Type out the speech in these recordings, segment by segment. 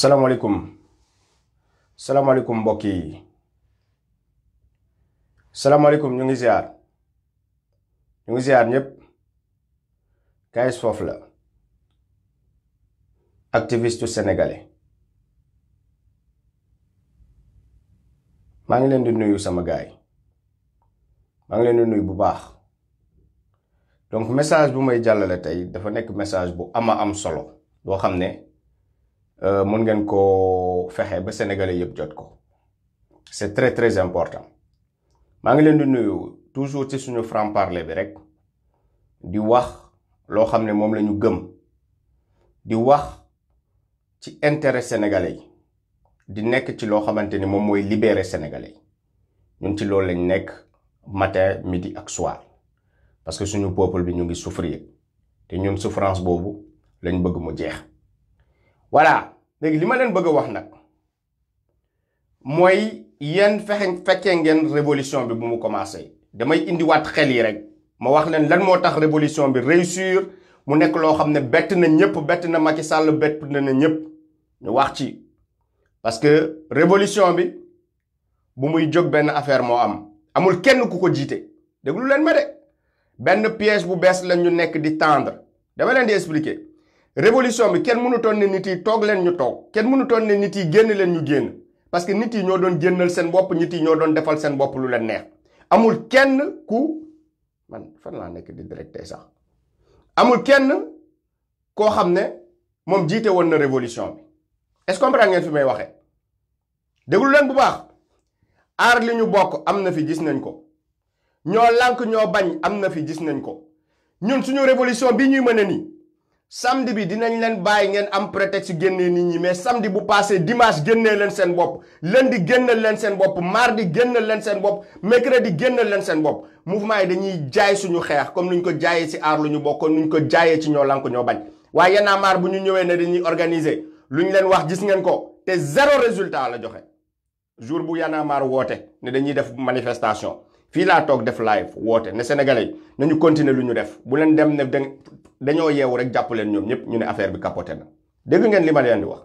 salaamaaleykum salaamaaleykum mbokk yi salaamaaleykum ñu ngi ziar ñu ngi ziar ñëpp Kayz Fof la activiste sénégalais maa ngi leen di nuyu sama gaay maa ngi leen di nuyu bu baax donc message bu may jàllale tey dafa nekk message bu ama am solo boo xam ne Euh, mën ngeen ko fexe ba sénégalais yëpp jot ko c'est très très important maa ngi leen di nuyu toujours ci suñu franc parler bi rek di wax loo xam ne moom la ñu gëm di wax ci intérêt sénégalais yi di nekk ci loo xamante ni moom mooy libérer sénégalais ñun ci loolu lañ nekk matin midi ak soir parce que suñu peuple bi ñu ngi souffrir te ñun souffrance boobu lañ bëgg mu jeex voilà léegi li ma leen bëgg a wax nag mooy yéen fexe fekkee ngeen révolution bi bu mu commencé damay indiwaat xel yi rek ma wax leen lan moo tax révolution bi réussir mu nekk loo xam ne bett na ñëpp bett na Macky Sall bett na ñëpp ñu wax ci parce que révolution bi bu muy jóg benn affaire moo am amul kenn ku ko jiite déglu leen ma de benn piège bu bees la ñu nekk di tendre dama leen di expliquer révolution bi kenn mënutoon ne nit yi toog leen ñu toog kenn mënutoon ne nit yi génn leen ñu génn parce que nit yi ñoo doon génnal seen bopp nit yi ñoo doon defal seen bopp lu leen neex amul kenn ku man fan laa nekk di directé sax amul kenn koo xam ne moom jiite woon na révolution bi est-ce fi may waxee déglu leen bu baax aar li ñu bokk am na fi gis nañ ko ñoo lànk ñoo bañ am na fi gis nañ ko ñun suñu révolution bi ñuy mën nii samedi bi dinañ leen bàyyi ngeen am prétexte génnee nit ñi mais samedi bu passé dimanche génnee leen seen bopp lundi génneel leen seen bopp mardi génneel leen seen bopp di génneel leen seen bopp mouvement yi dañuy jaay suñu xeex comme ñu ko jaayee si aar lu ñu bokkoon nuñ ko jaayee ci ñoo lank ñoo bañ waaye Y'en a bu ñu ñëwee ne dañuy organiser lu ñu leen wax gis ngeen ko te zéro résultat la joxe jour bu Y'en a woote ne dañuy def manifestation fii laa toog def live woote ne sénégalais yi nañu lu ñu def bu leen dem ne dañoo yeewu rek jàpp leen ñoom ñëpp ñu ne affaire bi capoté na dégg ngeen li ma leen di wax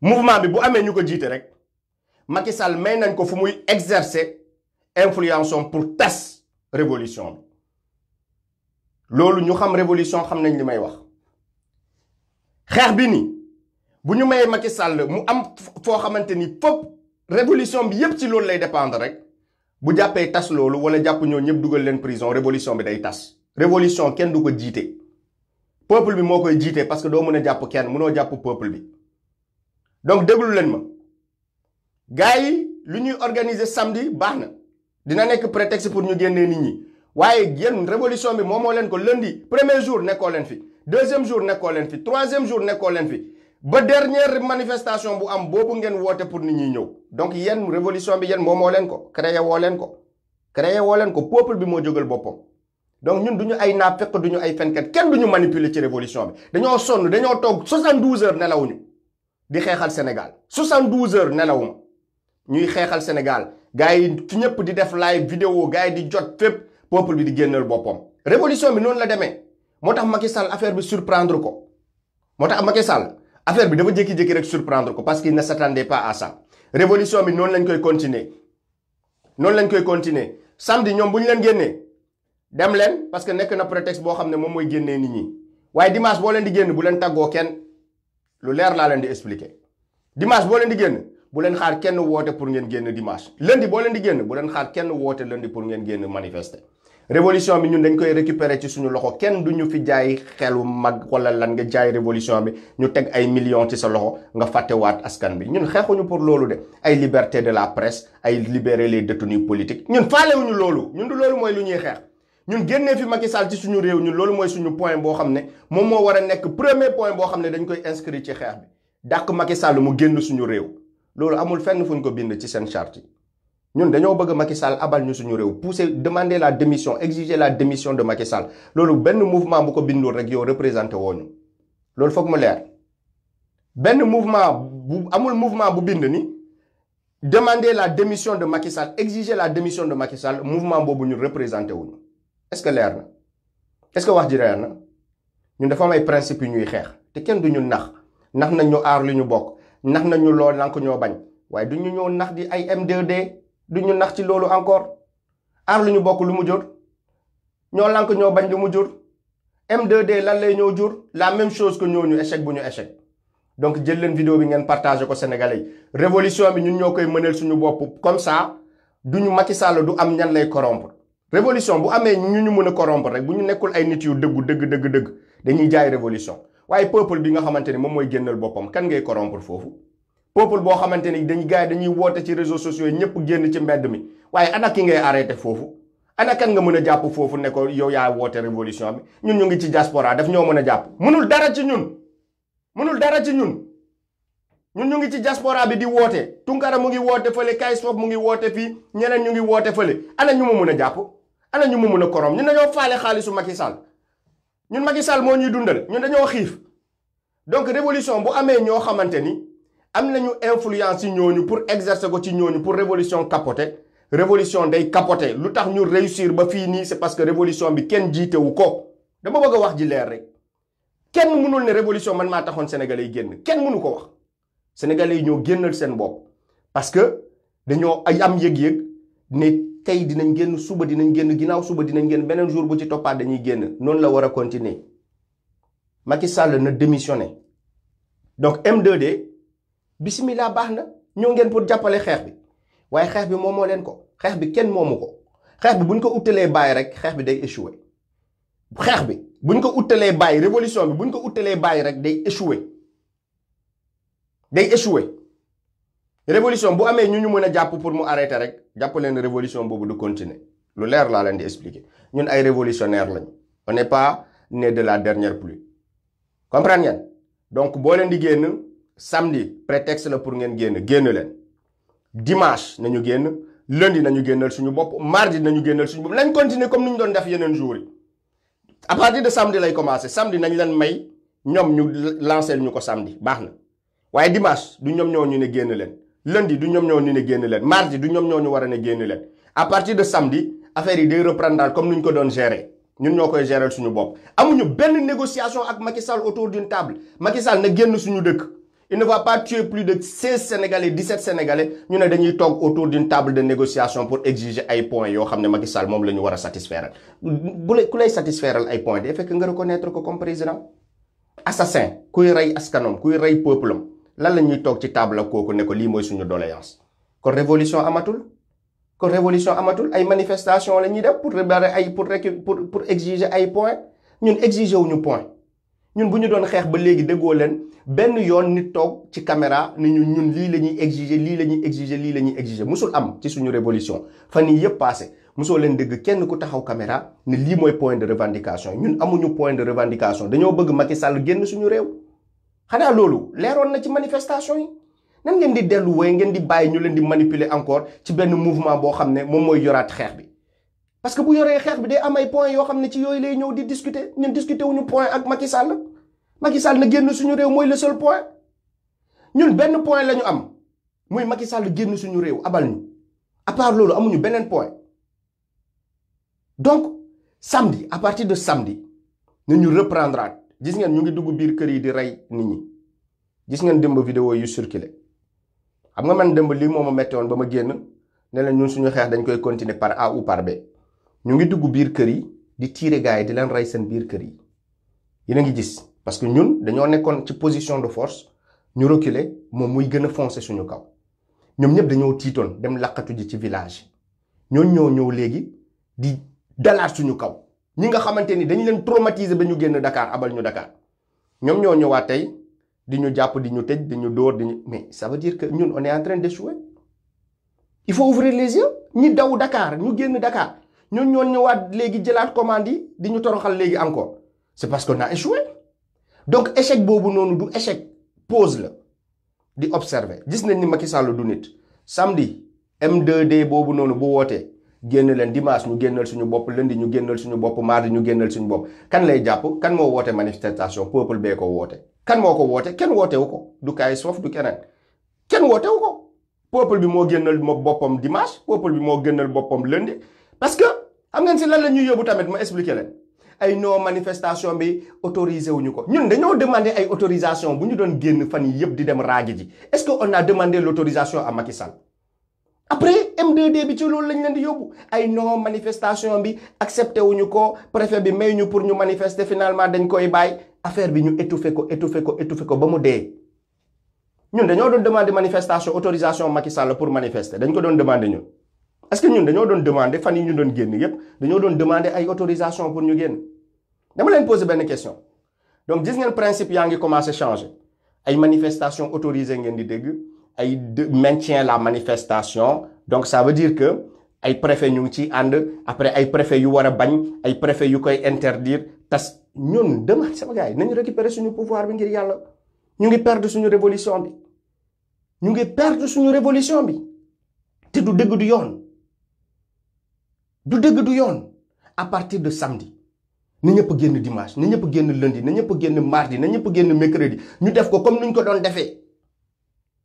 mouvement bi bu amee ñu ko jiite rek Macky Sall may nañ ko fu muy exercer influence am pour tas révolution bi loolu ñu xam révolution xam nañ li may wax xeex bi ni bu ñu mayee Macky Sall mu am foo xamante ni fopp révolution bi yépp ci loolu lay dépendre rek bu jàppee tas loolu wala jàpp ñoo ñëpp dugal leen prison révolution bi day tas révolution kenn du ko peuple bi mo koy parce que do mën a ken, kenn mënoo peuple bi donc déglu len ma gaay organiser samedi baax dina nek prétexte pour ñu génnee nit ñi waye yéen révolution bi momo len ko lundi premier jour ko len fi deuxième jour ko len fi troisième jour ko len fi ba dernière manifestation bu am boobu ngeen woté pour nit ñi ñew donc yenn révolution bi yenn momo len ko créer woo ko créer woo ko peuple bi mo jógal bopom donc ñun duñu ay naafeq duñu ay fenkat kenn duñu manipuler ci révolution bi dañoo sonn dañoo toog 72 heures nelawuñu di xeexal Sénégal 72 heures nelawuma ñuy xeexal Sénégal gaay yi ci ñëpp di def live vidéo gaay di jot fépp peuple bi di génnal boppam. révolution bi noonu la demee moo tax Macky Sall affaire bi surprendre ko moo tax Macky Sall affaire bi dafa jékki-jékki rek surprendre ko parce qu'il ne s'attendait pas à ça révolution bi noonu lañ koy continuer noonu lañ koy continuer samedi ñoom bu ñu leen génnee. dem len parce que nek na prétexte bo xam mom moy génné nit ñi waye dimanche bo len di génn bu len taggo kenn lu leer la len di expliquer dimanche bo len di génn bu len xaar kenn woote pour ngeen génn dimanche lundi bo len di génn bu len xaar kenn woote lundi pour ngeen génn manifester. révolution bi ñun dañ koy récupérer ci suñu loxo kenn duñu fi jaay xelu mag wala lan nga jaay révolution bi ñu teg ay millions ci sa loxo nga faté fàttewaat askan bi ñun xeexuñu pour lolu de ay liberté de la presse ay libérer les détenus politiques ñun faalé wuñu lolu ñun du lolu moy lu ñuy xeex. ñun génné fi Macky Sall ci suñu réew ñun loolu mooy suñu point boo xam ne moom moo war a nekk premier point boo xam ne dañ koy inscrit ci xeex bi dàq Macky Sall mu génn suñu réew loolu amul fenn fuñ ko bind ci seen charte ñun dañoo bëgg Macky Sall abal ñu suñu réew pousser demander la démission exiger la démission de Macky Sall loolu benn mouvement bu ko bindul rek yow représenté woo ñu loolu foog mu leer benn mouvement bu amul mouvement bu bind ni demander la démission de Macky Sall exiger la démission de Macky Sall mouvement boobu ñu représenté wuñu est-ce que leer na est-ce que wax ji leer na ñun dafa am ay principe yu ñuy xeex te kenn du ñu nax nax nañ ñu aar li ñu bokk nax nañ ñu lool nank ñoo bañ waaye duñu ñu ñëw nax di ay M2D du nax ci loolu encore aar lu ñu bokk lu mu jur ñoo lank ñoo bañ lu mu jur M2D lan lay ñoo jur la même chose que ñoo ñu échec bu ñu échec donc jël leen vidéo bi ngeen partagé ko Sénégalais yi révolution bi ñun ñoo koy mënal suñu bopp comme ça duñu Macky du am ñan lay corrompre révolution bu amé ñu ñu mëna corrompre rek bu ñu nekkul ay nit yu dëggu dëgg dëgg dëgg dañuy jaay révolution waaye peuple bi nga xamanteni mom moy mooy bopam kan ngay corrompre fofu peuple bo xamanteni dañuy gaay dañuy woote ci réseaux sociaux yi ñëpp génn ci mbedd mi waaye ana ki ngay arrêté fofu ana kan nga mëna japp fofu foofu ne ko yow yaa woote révolution bi ñun ñu ngi ci diaspora daf ñoo mëna japp mënul dara ci ñun mënul dara ci ñun ñun ñu ngi ci diaspora bi di woote Tunkara mu ngi woote fële kay Fof mu ngi woote fii ñeneen ñu ngi woote fële ana ñu ma mën ana ñu mu mun a korom ñun dañoo faale xaalisu Macky Sall ñun Macky Sall moo ñuy dundal ñun dañoo xiif donc révolution bu amee ñoo xamante ni am nañu influence ci ñooñu pour exercer ko ci ñooñu pour révolution capoter révolution dey capoter lu tax ñu réussir ba fii nii c'est parce que révolution bi kenn jiitewu ko dama bëgg wax ji leer rek kenn mënul ne révolution man maa taxoon sénégalais yi génn kenn mënu ko wax sénégalais yi ñoo génnal seen bopp parce que dañoo ay am yëg-yëg ne tey dinañ génn suba dinañ génn ginnaaw suba dinañ génn beneen jour bu ci toppaat dañuy génn noonu la war a continuer Macky sàll na démissionné donc M2D bisimilah baax na ñoo ngeen pour jàppale xeex bi waaye xeex bi moomoo leen ko xeex bi kenn moomu ko xeex bi buñ ko uttalee bàyyi rek xeex bi day échoué xeex bi buñ ko uttalee bàyyi révolution bi buñ ko uttalee bàyyi rek day échoué day échoué révolution bu amee ñu ñu mën a jàpp pour mu arrêter rek jàpp une révolution boobu de continuer lu leer laa leen di expliquer ñun ay révolutionnaires. on n'est pas né de la dernière pluie Comprenez-vous donc si leen di samedi prétexte pour ngeen génn génn leen dimanche nañu génn lundi nañu génnal suñu mardi nañu génnal suñu bopp nañ continuer comme nous, ñu doon def yeneen jours à partir de samedi lay commence. samedi nañ leen may nous ñu lancer ñu samedi baax na dimanche nous ñoom ñoo ñu ne leen lundi du ñom ñoo ni génné mardi du ñom ñoo ñu wara à partir de samedi affaire yi day reprendre comme nuñ ko doon gérer ñun ñoo koy gérer suñu bopp. amuñu benn négociation ak Macky Sall autour d'une table Macky Sall na génn suñu dëkk il ne va pas tuer plus de 16 sénégalais 17 sénégalais ñu ne dañuy toog autour d'une table de négociation pour exiger ay points yoo xam ne Macky Sall moom la ñu war a satisfairal bu lay ku lay satisfairal ay points day fekk nga reconnaître ko comme président assassin kuy rey askanom kuy rey peuplem lan la ñuy toog ci table kooku ne lii mooy suñu doléance kon révolution amatul kon révolution amatul ay manifestation la ñuy def pour réparer ay pour pour pour exiger ay point ñun exiger wuñu point ñun bu ñu doon xeex ba léegi déggoo leen benn yoon nit toog ci caméra ni ñu ñun lii la ñuy exiger lii la ñuy exiger lii la ñuy exiger musul am ci suñu révolution fan yii yëpp passé musoo leen dégg kenn ku taxaw caméra ne lii mooy point de revendication ñun amuñu point de revendication dañoo bëgg Macky Sall génn suñu réew. xanaa loolu leron na ci manifestation yi nan ngeen di pas way ngeen di bàyyi ñu leen di manipuler encore ci le mouvement bo xamne mom moy yorat xex bi parce que bu yoré xex bi day am ay points yo xamne ci yoy lay ñëw di discuter ñun discuter wuñu point ak Macky Sall Macky Sall na genn suñu rew moy le seul point ñun benn point lañu Moi am moy Macky Sall genn suñu rew abal ñu à part loolu amuñu benen point donc samedi à partir de samedi nous reprendrons. gis ngeen ñu ngi dugg biir kër yi di rey nit ñi gis ngeen démb vidéo yu circulé xam nga man démb lii moom ma metti woon ba ma génn ne leen ñun suñu xeex dañ koy continuer par A ou par B ñu ngi dugg biir kër yi di tiire gars yi di leen rey seen biir kër yi yéen a ngi gis parce que ñun dañoo nekkoon ci position de force ñu reculer moom muy gën a foncer suñu kaw ñoom ñëpp dañoo tiitoon dem laqatu ji ci village ñoo ñoo ñëw léegi di dalaat suñu kaw. ñi nga xamante ni dañ leen traumatiser ba ñu génn Dakar abal ñu Dakar ñoom ñoo ñëwaat tey di ñu jàpp di ñu tëj di ñu dóor di ñu mais ça veut dire que ñun on est en train d'échouer il faut ouvrir les yeux ñi daw Dakar ñu génn Dakar ñun ñoo ñëwaat léegi jëlaat commande yi di ñu toroxal léegi encore c'est parce qu'on a échoué donc échec boobu noonu du échec pause la di observer gis nañ ni Macky Sall du nit samedi M2D boobu noonu bu wootee génn leen dimanche ñu génnal suñu bopp lundi ñu génnal suñu bopp mardi ñu génnal suñu bopp kan lay jàpp kan moo woote manifestation peuple bee ko woote kan moo ko woote kenn wootewu ko du kaay soof du keneen kenn woote ko peuple bi moo génnal ma boppam dimanche peuple bi moo génnal boppam lundi parce que xam ngeen si lan la ñuy yóbbu tamit ma expliqué leen ay noo manifestation bi autorisé wuñu ko ñun dañoo demande ay autorisation bu ñu doon génn fan yi yëpp di dem raagi ji est-ce que on a demandé l'autorisation après MDD bi ci loolu lañ leen di yóbbu ay non manifestation bi accepté wuñu ko préfet bi may ñu pour ñu manifester finalement dañ koy bay affaire bi ñu étouffé ko étouffé ko étouffé ko ba mu dé ñun dañoo doon demander manifestation autorisation Macky Sall pour manifester dañ ko doon demander ñun. est-ce que ñun dañoo doon demander fan yi ñu doon génn yépp dañoo doon demander ay autorisation pour ñu génn dama leen poser benn question donc gis ngeen principe yaa ngi commencé changer ay manifestation autorisée ngeen di dégg ay maintient la manifestation donc ça veut dire que ay préfet ñu ngi ciy ànd après ay préfet yu war a bañ ay préfet yu koy interdire tas ñun demain sama gars yi nañu récupérer suñu pouvoir bi ngir yàlla ñu ngi perdre suñu révolution bi ñu ngi perdre suñu révolution bi te du dëgg du yoon du dëgg du yoon à partir de samedi na ñëpp génn dimanche na ñëpp génn lundi na ñëpp génn mardi ni ñëpp génn mercredi ñu def ko comme nuñ ko doon defee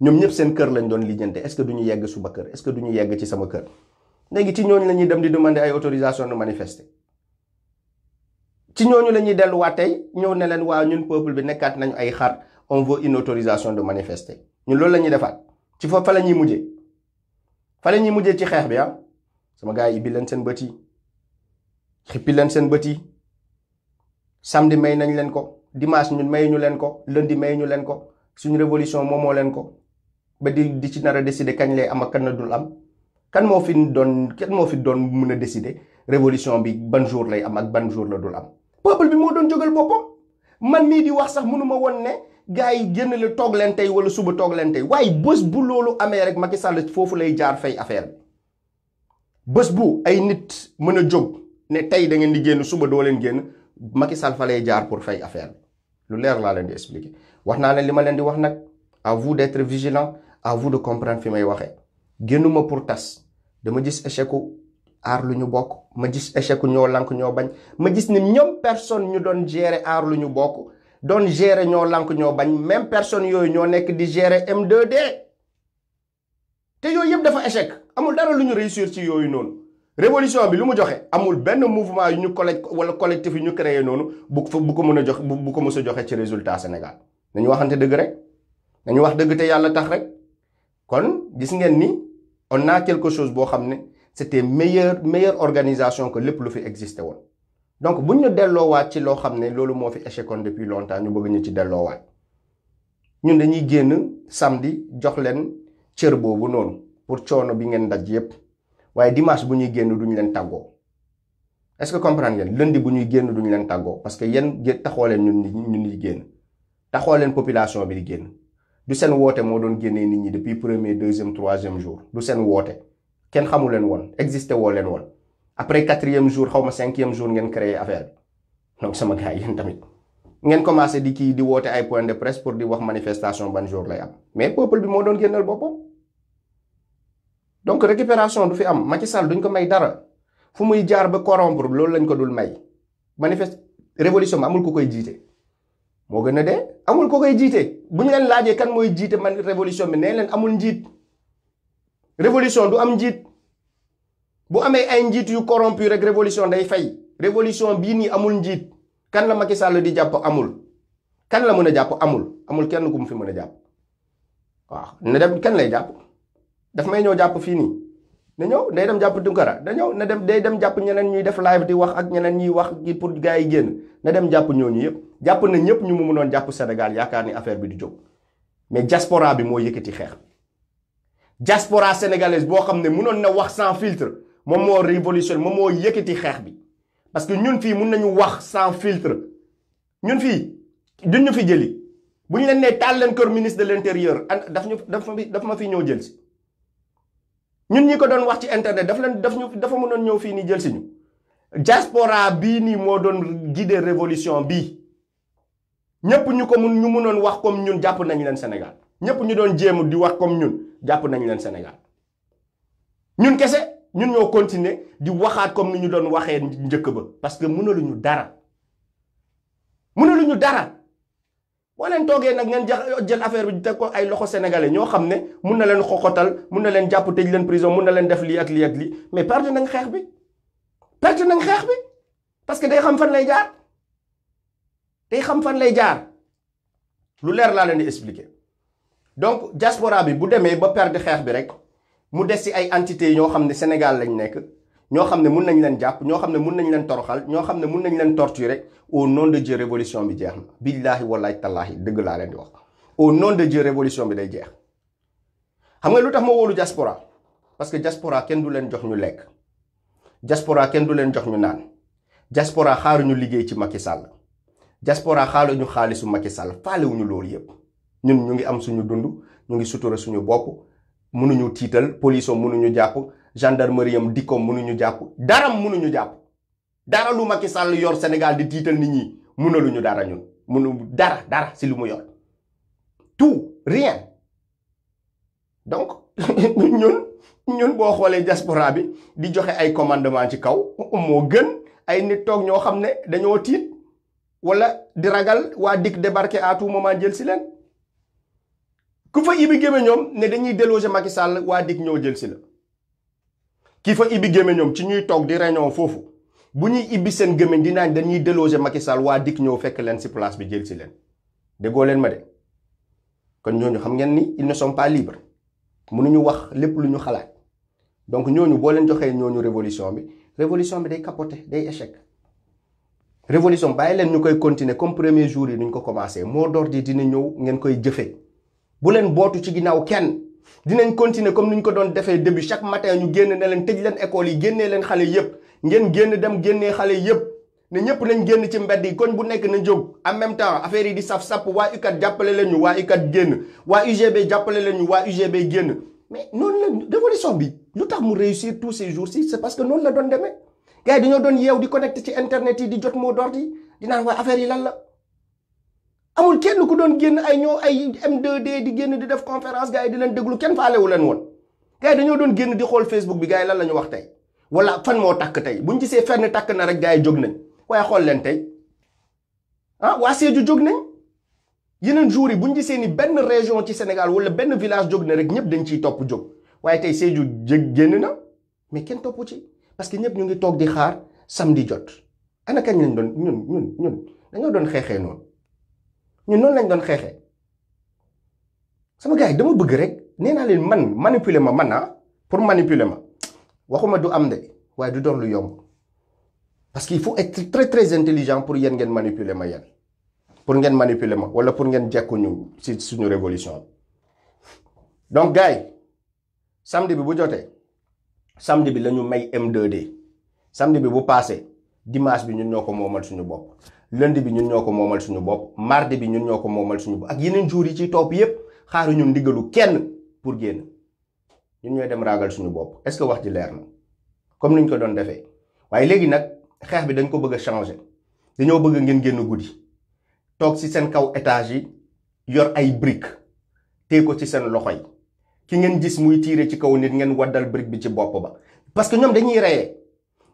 ñoom ñëpp seen kër lañu doon lijjante est-ce que du ñu yegg suba kër est-ce que du ñu yegg ci sama kër léegi ci ñooñu la ñuy dem di demander ay autorisation de manifester ci ñooñu lañuy delluwaat tey ñëw ne leen waa ñun peuple bi nekkaat nañu ay xar on veut une autorisation de manifester ñun loolu la ñuy defaat ci foofu fa la ñuy mujjee fa la ñuy mujjee ci xeex bi ah sama gars yi bi leen seen bët yi xippi leen seen bët yi samedi may nañ leen ko dimanche ñun may ñu leen ko lundi may ñu leen ko suñu révolution moomoo leen ko ba di di ci nar a décider kañ lay am ak kan la dul am kan moo fi doon kan moo fi doon mën a décider révolution bi ban jour lay am ak ban jour la dul am. peuple bi moo doon jogal boppam man mii di wax sax mënuma woon ne gars yi génn la toog leen tey wala suba toog leen tey waaye bës bu loolu amee rek Macky Sall foofu lay jaar fay affaire bi bu ay nit mën a jóg ne tey da ngeen di génn suba doo leen génn Macky Sall fa lay jaar pour fay affaire lu leer laa leen di expliquer wax naa leen li ma leen di wax nag à vous d'être vigilant à vous de comprendre fi may waxee génnuma pour tas dama dis échec ar luñu bok ma gis échec ñoo lank ñoo bañ ma gis ni ñom personne ñu doon gérer ar luñu bok bokk doon gérer ñoo lank ñoo bañ même personne yoy ñoo nek di gérer M2D té yoy yëpp dafa échec amul dara luñu réussir ci yoy non révolution bi lu mu joxé amul ben mouvement yu ñu collecte wala collectif yu ñu créer non bu bu ko mëna jox bu ko mës joxé ci résultat Sénégal dañu waxanté dëgg rek dañu wax dëgg té Yalla tax rek kon gis ngeen ni on a quelque chose boo xam ne te meilleure meilleure organisation ko lépp lu fi existé woon donc buñ ñu delloo delloowaat ci loo xam ne loolu moo fi échecoon depuis longtemps ñu bëgg ñu ci delloowaat ñun dañuy génn samedi jox leen cër boobu noonu pour coono bi ngeen daj yépp waaye dimanche bu ñuy génn ñu leen tàggoo est-ce que comprendre ngeen lundi bu ñuy génn duñu leen tàggoo parce que yéen taxoo leen ñun ñun ñuy génn taxoo leen population bi di génn. du sen woote mo doon depuis premier troisième jour du sen ken xamu existé après quatrième jour xawma cinquième jour créé affaire donc sama gars tamit ngeen commencé di ki di ay point de presse pour di wax manifestation ban jour mais peuple bi doon donc récupération du fi am duñ ko may dara jaar ba lañ ko dul may révolution amul koy moo gën a dee amul ko koy jiite bu ñu leen laajee kan mooy jiite man révolution bi nee leen amul njiit révolution du am njiit bu amee ay njiit yu corrompu rek révolution day fay révolution bii nii amul njiit kan la Macky Sall di jàpp amul kan la mën a jàpp amul amul kenn ku mu fi mën a jàpp waaw ne dem kan lay jàpp daf may ñëw jàpp fii nii na ñëw day dem jàpp Tunkara da ñëw na dem day dem jàpp ñeneen ñuy def live di wax ak ñeneen ñuy wax gi pour gars yi génn na dem jàpp ñooñu yëpp jàpp na ñëpp ñu mu mënoon jàpp Sénégal yaakaar ni affaire bi di jóg mais jaspora bi moo yëkkati xeex diaspora sénégalaise boo xam ne mënoon na wax sans filtre moom moo révolution moom moo yëkkati xeex bi parce que ñun fii mun nañu wax sans filtre ñun fii duñ ñu fi jëli bu ñu leen nee taal leen kër ministre de l' intérieur daf ñu daf ma fi ñëw jël si ñun ñi ko doon wax ci internet daf leen daf ñu dafa mënoon ñëw fii nii jël si bii nii moo doon guider révolution bii ñëpp ñu ko mun ñu mënoon wax comme ñun jàpp nañu leen Sénégal ñëpp ñu doon jéem di wax comme ñun jàpp nañu leen Sénégal ñun kese ñun ñoo continuer di waxaat comme ni ñu doon waxee njëkk ba parce que ñu dara mënaluñu dara. boo leen nak ngeen jël affaire bi teg ko ay loxo sénégalais ñoo xamné mën na leen xoxotal mën na leen japp tëj leen prison mën na leen def li ak li ak li mais perte nañ xeex bi perte nañ xeex bi parce que day xam fan lay jaar day xam fan lay jaar lu leer la leen di expliquer donc diaspora bi bu démé ba perdre xeex bi rek mu des ci ay entité ñoo xamné Sénégal lañ nekk. ñoo xam ne mun nañ leen jàpp ñoo xam ne mun nañ leen toroxal ñoo xam ne mun nañ leen torturer au nom de Dieu révolution bi jeex na billaahi wallaahi tallaahi dëgg laa leen di wax au nom de Dieu révolution bi day jeex xam nga lu tax ma wóolu diaspora parce que diaspora kenn du leen jox ñu lekk diaspora kenn du leen jox ñu naan diaspora xaaruñu liggéey ci Macky Sall diaspora ñu xaalisu Macky Sall ñu loolu yépp ñun ñu ngi am suñu dund ñu ngi sutura suñu bopp mënuñu tiital police mënuñu jàpp gendarmerie am dikkoom mënuñu jàpp daram munuñu jàpp dara lu Macky Sall yor Sénégal di tiital nit ñi mënaluñu dara ñun mënu dara dara si lu mu yor tout rien donc ñun ñun boo xoolee diaspora bi di joxe ay commandement ci kaw moo gën ay nit toog ñoo xam ne dañoo tiit wala di ragal waa dikk débarquer à tout moment jël si leen ku fa ibi géme ñoom ne dañuy déloger Macky Sall waa dikk ñoo jël si la kii fa ibbi gémmiñam ci ñuy toog di réunion foofu bu ñuy ibbi seen gémmiñ di dañuy déloger Macky Sall waa dikk ñëw fekk leen si place bi jël si leen déggoo leen ma de kon ñooñu xam ngeen ni ils pas libre pas libres ñu wax lépp lu ñu xalaat donc ñooñu boo leen joxee ñooñu révolution bi révolution bi day capoter day échec. révolution bàyyi leen ñu koy continuer comme premier jour yi nuñ ko commencé moo door di dina ñëw ngeen koy jëfee bu leen bootu ci ginnaaw kenn. dinañ continuer comme ni ko doon defee début chaque matin ñu génn ne leen tëj leen école yi génnee leen xale yëpp ngeen génn dem génnee xale yëpp ne ñëpp nañ génn ci mbedd yi koñ bu nekk na jóg en même temps affaire yi di saf sapp waa ukat jàppale leen ñu waa UCAD génn waa UGB jàppale leen ñu waa UGB génn mais noonu la révolution bi lu tax mu réussir tous ces jours-ci c'est parce que noonu la doon demee gars yi dañoo doon yeew di connecté ci internet yi di jot mot d'ordre di dinaan waa affaire yi lan la amul kenn ku doon génn ay ñoo ay M2D di génn di def conférence gaa yi di leen déglu kenn faalewu leen woon gars yi dañoo doon génn di xool Facebook bi gars yi lan la ñu wax tey wala fan moo takk tey buñ gisee fenn takk na rek gars yi jóg nañ waaye xool leen tey ah, waa Sédhiou jóg nañ yeneen jours yi buñ gisee ni benn région ci Sénégal wala benn village jóg na rek ñëpp dañ ciy topp jóg waaye tey Sédhiou jég génn na mais kenn topp ci parce que ñëpp ñu ngi toog di xaar samedi jot ana kañ lañ doon ñun ñun ñun dañoo doon xeexee noonu. ñun noonu lañ doon xeexee sama gars yi dama bëgg rek nee naa leen man manipuler ma man ah pour manipuler ma waxuma du am de waaye du doon lu yomb parce qu'il faut être très très intelligent pour yéen ngeen manipuler ma yéen pour ngeen manipuler ma wala pour ngeen jekkuñu ci suñu révolution donc gars yi samedi bi bu jotee samedi bi la ñu may M2D samedi bi bu passé dimanche bi ñun ñoo ko moomal suñu bopp. lundi bi ñun ñoko momal suñu bop mardi bi ñun ñoko momal suñu bop ak yeneen jour yi ci top yépp xaru ñun digelu kenn pour génn ñun ñoy dem ragal suñu etaji, est ce wax ji leer na comme niñ ko doon defee waye légui nak xex bi dañ ko bëgg changer dañu bëgg ngeen gudi tok ci sen kaw étage yi yor ay brick té ko ci sen loxoy ki ngeen gis muy tiré ci kaw nit ngeen wadal brick bi ci bop ba parce que ñom dañuy rayé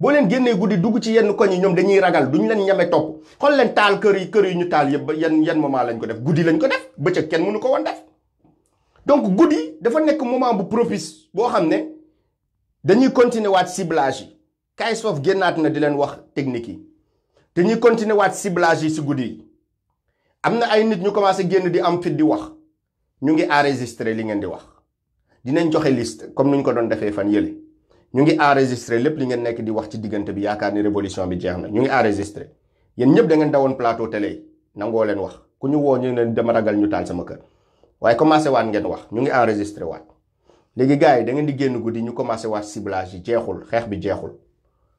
bo len genné goudi dugg ci yenn koñ ñom dañuy ragal duñ len ñame top xol len taal kër yi kër yi ñu taal yeb yenn yenn moment lañ ko def goudi lañ ko def ak kenn mënu ko won def donc goudi dafa nek moment bu propice bo xamné dañuy continuer wat ciblage yi Kaysof gennat na di len wax technique yi dañuy continuer wat ciblage ci goudi amna ay nit ñu commencé genn di am fit di wax ñu ngi enregistrer li ngeen di wax dinañ joxe liste comme nuñ ko doon defé fan yele ñu ngi enregistrer lepp li ngeen nek di wax ci digënté bi yaakaar ni révolution bi jeex na ñu ngi enregistrer yeen ñëpp da ngeen dawon plateau télé yi leen wax ku ñu wo ñu leen dama ragal ñu taal sama kër waye commencé waat ngeen wax ñu ngi enregistrer waat légui gaay da ngeen di génn guddi ñu commencé waat ciblage yi jeexul xex bi jeexul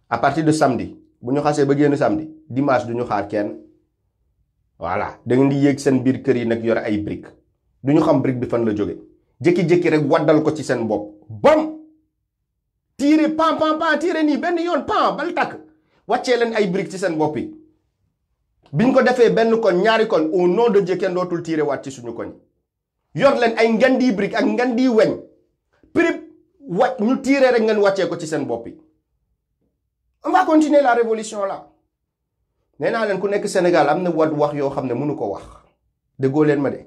à partir de samedi bu ñu xasse ba génn samedi dimanche duñu xaar kenn voilà da ngeen di yéeg seen biir kër yi nak yor ay brique duñu xam brique bi fan la joggé jeki jeki rek wadal ko ci seen bop bam tiire pan pan pan tiire nii benn yoon pan bal takk wàccee leen ay briques ci seen bopp bi biñ ko defee benn koñ ñaari koñ au nom da Dieu kenn dootul tiire waat ci suñu koñ yor leen ay ngandi briques ak ngandi weñ prip wa ñu tiire rek ngeen wàccee ko ci seen bopp yi on va continuer la révolution la nee naa leen ku nekk Sénégal am na wat wax yoo xam ne mënu ko wax dëggoo leen ma de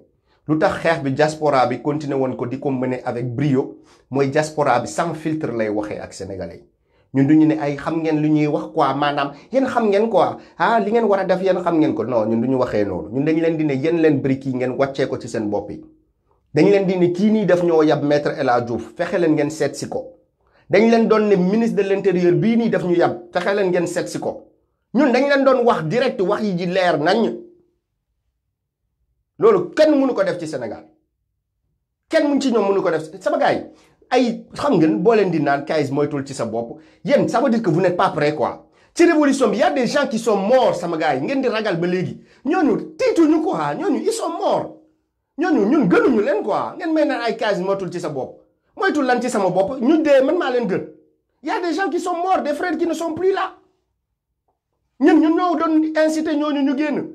lu tax xeex bi diaspora bi continuer woon ko di ko mener avec brio mooy diaspora bi sans filtre lay waxee ak sénégalais ñun du ñu ne ay xam ngeen lu ñuy wax quoi maanaam yéen xam ngeen quoi ah li ngeen war a def yéen xam ngeen ko non ñun du ñu waxee noonu ñun dañ leen di ne yéen leen briques yi ngeen wàccee ko ci seen bopp yi. dañ leen di ne kii nii daf ñoo yab maître El Hadj fexe leen ngeen seet si ko dañ leen doon ne ministre de l'intérieur bii nii def ñu yab fexe leen ngeen seet si ko ñun dañ loolu kenn mënu ko def ci Sénégal kenn mun ci ñoom mënu ko def sama gars yi ay xam ngeen boo leen di naan kayis moytul ci sa bopp yéen ça veut dire que vous n'êtes pas prêt quoi ci révolution bi y a des gens qui sont morts sama gars yi ngeen di ragal ba léegi ñooñu tiituñu quoi ñooñu ils sont morts ñooñu ñun gënuñu leen quoi ngeen may naan ay kayis moytul ci sa bopp moytul lan ci sama bopp ñu dee man maa leen gën y a des gens qui sont morts des frères qui ne sont plus là ñun ñun ñoo doon inciter ñooñu ñu génn.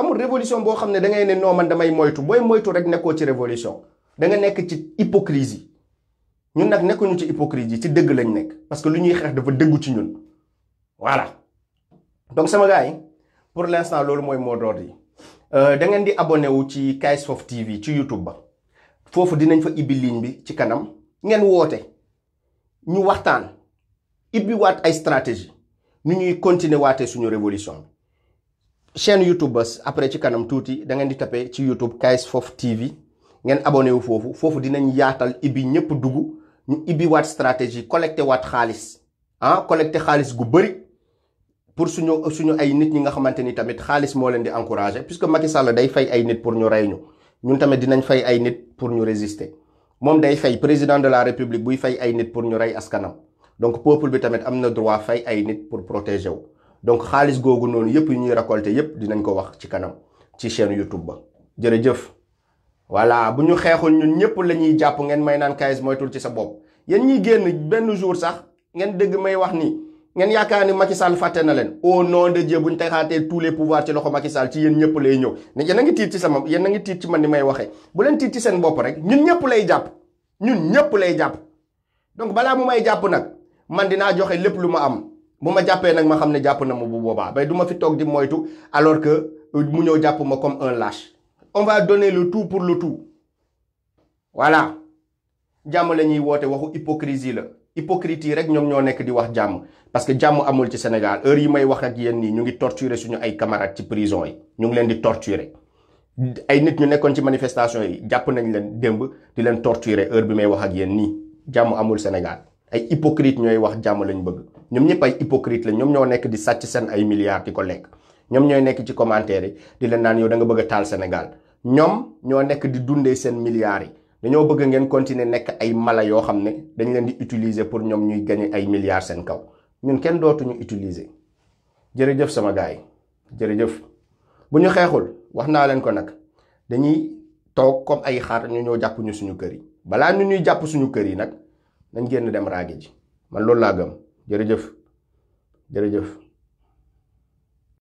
amul révolution boo xam ne da ngay ne noo man damay moytu booy moytu rek nekkoo ci révolution da nga nekk ci hypocrisie ñun nag nekkuñu ci hypocrisie ci dëgg lañ nekk parce que lu ñuy xeex dafa dëggu ci ñun voilà donc sama gars yi pour l'instant loolu mooy mot d'ordre yi euh, da ngeen di abonné wu ci Kayz Fof TV ci YouTube ba foofu dinañ fa ibbi ligne bi ci kanam ngeen woote ñu waxtaan ibbi waat ay stratégie nu ñuy continuer waatee suñu révolution bi chaîne YouTube bas après ci kanam tuuti dangeen di tape ci YouTube KS Fof TV ngeen abonné wu foofu foofu dinañ yaatal ibbi ñëpp dugg ñu ibbi waat stratégie collecté waat xaalis ah collecté xaalis gu bëri pour suñu suñu ay nit ñi nga xamante ni tamit xaalis moo leen di encouragé puisque Macky Sall day fay ay nit pour ñu rey ñu ñun tamit dinañ fay ay nit pour ñu résister moom day fay président de la république buy fay ay nit pour ñu rey askanam donc peuple bi tamit am na droit fay ay nit pour protéger wu. donc xaalis googu noonu yëpp yu ñuy récolté yëpp dinañ ko wax ci kanam ci chaîne YouTube ba jërëjëf. voilà bu ñu xeexul ñun ñëpp la ñuy jàpp ngeen may naan kayis moytul ci sa bopp yéen ñi génn benn jour sax ngeen dégg may wax ni ngeen yaakaar ni Macky Sall fàtte na leen au nom de Dieu bu ñu tous les pouvoirs ci loxo Macky Sall ci yéen ñëpp lay ñëw ne yéen a ngi tiit ci sama yéen a ngi tiit ci man ni may waxee bu leen tiit ci seen bopp rek ñun ñëpp lay jàpp ñun ñëpp lay jàpp donc balaa mu may jàpp nag man dinaa joxe lépp lu ma am bu ma jàppee nag ma xam ne jàpp na ma bu boobaa bay ben, du ma fi toog di moytu alors que euh, mu ñëw jàpp ma comme un lâche on va donner le tout pour le tout voilà jàmm la ñuy woote waxu hypocrisie la hypocrite rek ñoom ñoo nekk di wax jàmm parce que jàmm amul ci Sénégal heure yi may wax ak yéen nii ñu ngi torturer suñu ay camarades ci prison yi ñu ngi leen di torturer ay nit ñu nekkoon ci manifestation yi jàpp nañ leen démb di leen torturer heure bi may wax ak yéen nii jàmm amul Sénégal ay hypocrite ñooy wax jàmm lañ bëgg ñom ñep ay hypocrite la ñom ñoo nekk di sàcc sen ay milliards di lek ñom ñoy nek nekk ci commentaire yi di leen naan yow da nga bëgg a taal Sénégal ñom ñoo nekk di dundé sen milliards yi dañoo bëgg ngeen continuer nekk ay mala yo xamné dañ leen di utiliser pour ñom ñuy gagner ay milliards sen kaw ñun kenn ñu utiliser jëf sama gaay yi jëf bu ñu xeexul konak. leen ko nak dañuy tok comme ay xaar ñu ñoo japp ñu suñu kër yi bala ñu ñuy japp suñu kër yi nak nañ genn dem ji man loolu laa gëm jërëjëf jërëjëf